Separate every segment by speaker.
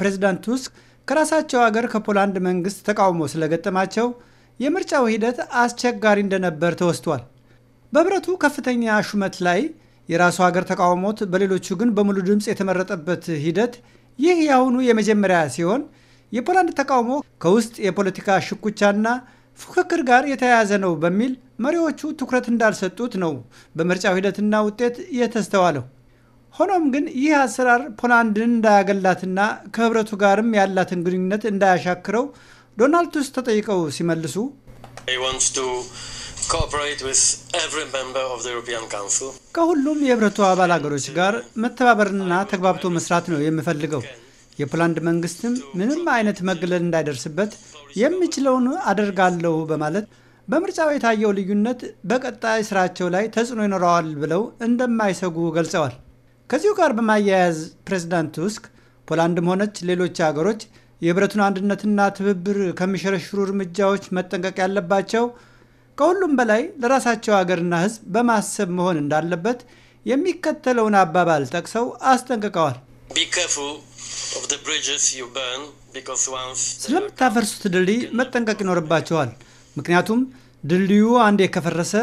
Speaker 1: ፕሬዚዳንት ቱስክ ከራሳቸው ሀገር ከፖላንድ መንግስት ተቃውሞ ስለገጠማቸው የምርጫው ሂደት አስቸጋሪ እንደነበር ተወስቷል። በህብረቱ ከፍተኛ ሹመት ላይ የራሱ ሀገር ተቃውሞት፣ በሌሎቹ ግን በሙሉ ድምፅ የተመረጠበት ሂደት ይህ የአሁኑ የመጀመሪያ ሲሆን የፖላንድ ተቃውሞ ከውስጥ የፖለቲካ ሽኩቻና ፉክክር ጋር የተያያዘ ነው በሚል መሪዎቹ ትኩረት እንዳልሰጡት ነው በምርጫው ሂደትና ውጤት የተስተዋለው። ሆኖም ግን ይህ አሰራር ፖላንድን እንዳያገላትና ከህብረቱ ጋርም ያላትን ግንኙነት እንዳያሻክረው ዶናልድ ቱስክ ተጠይቀው ሲመልሱ ከሁሉም የህብረቱ አባል ሀገሮች ጋር መተባበርና ተግባብቶ መስራት ነው የምፈልገው። የፖላንድ መንግስትም ምንም አይነት መግለል እንዳይደርስበት የሚችለውን አደርጋለሁ በማለት በምርጫው የታየው ልዩነት በቀጣይ ስራቸው ላይ ተጽዕኖ ይኖረዋል ብለው እንደማይሰጉ ገልጸዋል። ከዚሁ ጋር በማያያዝ ፕሬዚዳንት ቱስክ ፖላንድም ሆነች ሌሎች ሀገሮች የህብረቱን አንድነትና ትብብር ከሚሸረሽሩ እርምጃዎች መጠንቀቅ ያለባቸው ከሁሉም በላይ ለራሳቸው ሀገርና ህዝብ በማሰብ መሆን እንዳለበት የሚከተለውን አባባል ጠቅሰው አስጠንቅቀዋል። ስለምታፈርሱት ድልድይ መጠንቀቅ ይኖርባቸዋል። ምክንያቱም ድልድዩ አንዴ ከፈረሰ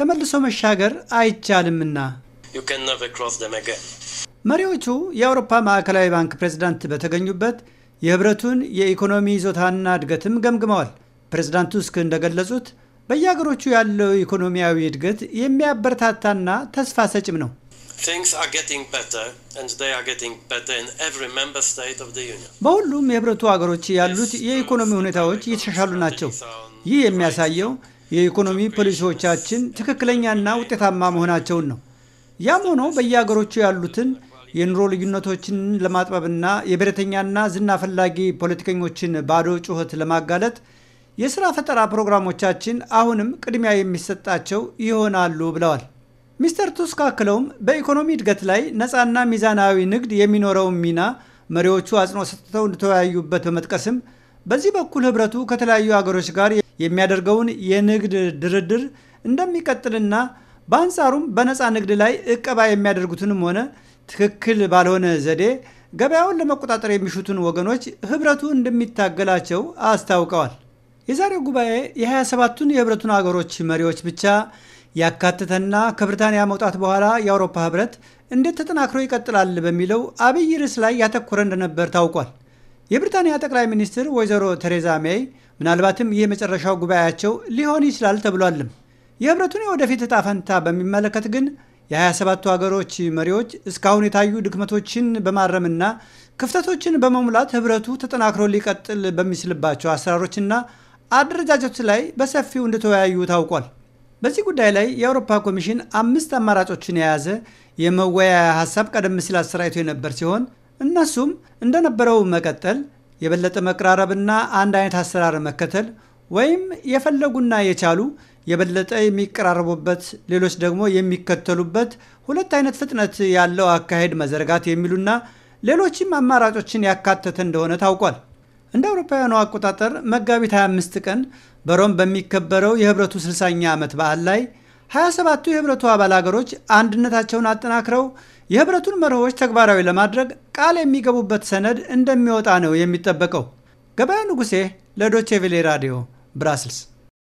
Speaker 1: ተመልሶ መሻገር አይቻልምና መሪዎቹ የአውሮፓ ማዕከላዊ ባንክ ፕሬዝዳንት በተገኙበት የህብረቱን የኢኮኖሚ ይዞታና እድገትም ገምግመዋል። ፕሬዝዳንት ቱስክ እንደገለጹት በየሀገሮቹ ያለው ኢኮኖሚያዊ እድገት የሚያበረታታና ተስፋ ሰጭም ነው። በሁሉም የህብረቱ አገሮች ያሉት የኢኮኖሚ ሁኔታዎች እየተሻሻሉ ናቸው። ይህ የሚያሳየው የኢኮኖሚ ፖሊሲዎቻችን ትክክለኛና ውጤታማ መሆናቸውን ነው። ያም ሆኖ በየሀገሮቹ ያሉትን የኑሮ ልዩነቶችን ለማጥበብና የብረተኛና ዝና ፈላጊ ፖለቲከኞችን ባዶ ጩኸት ለማጋለጥ የስራ ፈጠራ ፕሮግራሞቻችን አሁንም ቅድሚያ የሚሰጣቸው ይሆናሉ ብለዋል። ሚስተር ቱስክ አክለውም በኢኮኖሚ እድገት ላይ ነፃና ሚዛናዊ ንግድ የሚኖረውን ሚና መሪዎቹ አጽንኦት ሰጥተው እንደተወያዩበት በመጥቀስም በዚህ በኩል ህብረቱ ከተለያዩ አገሮች ጋር የሚያደርገውን የንግድ ድርድር እንደሚቀጥልና በአንጻሩም በነፃ ንግድ ላይ እቀባ የሚያደርጉትንም ሆነ ትክክል ባልሆነ ዘዴ ገበያውን ለመቆጣጠር የሚሹትን ወገኖች ህብረቱ እንደሚታገላቸው አስታውቀዋል። የዛሬው ጉባኤ የ27ቱን የህብረቱን አገሮች መሪዎች ብቻ ያካተተና ከብሪታንያ መውጣት በኋላ የአውሮፓ ህብረት እንዴት ተጠናክሮ ይቀጥላል በሚለው አብይ ርዕስ ላይ ያተኮረ እንደነበር ታውቋል። የብሪታንያ ጠቅላይ ሚኒስትር ወይዘሮ ቴሬዛ ሜይ ምናልባትም ይህ የመጨረሻው ጉባኤያቸው ሊሆን ይችላል ተብሏልም። የህብረቱን የወደፊት እጣ ፈንታ በሚመለከት ግን የ27ቱ ሀገሮች መሪዎች እስካሁን የታዩ ድክመቶችን በማረምና ክፍተቶችን በመሙላት ህብረቱ ተጠናክሮ ሊቀጥል በሚችልባቸው አሰራሮችና አደረጃጀቶች ላይ በሰፊው እንደተወያዩ ታውቋል። በዚህ ጉዳይ ላይ የአውሮፓ ኮሚሽን አምስት አማራጮችን የያዘ የመወያያ ሀሳብ ቀደም ሲል አሰራይቶ የነበር ሲሆን እነሱም እንደነበረው መቀጠል፣ የበለጠ መቀራረብና አንድ አይነት አሰራር መከተል ወይም የፈለጉና የቻሉ የበለጠ የሚቀራረቡበት፣ ሌሎች ደግሞ የሚከተሉበት ሁለት አይነት ፍጥነት ያለው አካሄድ መዘርጋት የሚሉና ሌሎችም አማራጮችን ያካተተ እንደሆነ ታውቋል። እንደ አውሮፓውያኑ አቆጣጠር መጋቢት 25 ቀን በሮም በሚከበረው የህብረቱ 60ኛ ዓመት በዓል ላይ 27ቱ የህብረቱ አባል አገሮች አንድነታቸውን አጠናክረው የህብረቱን መርሆች ተግባራዊ ለማድረግ ቃል የሚገቡበት ሰነድ እንደሚወጣ ነው የሚጠበቀው። ገበያ ንጉሴ ለዶቼቬሌ ራዲዮ ብራስልስ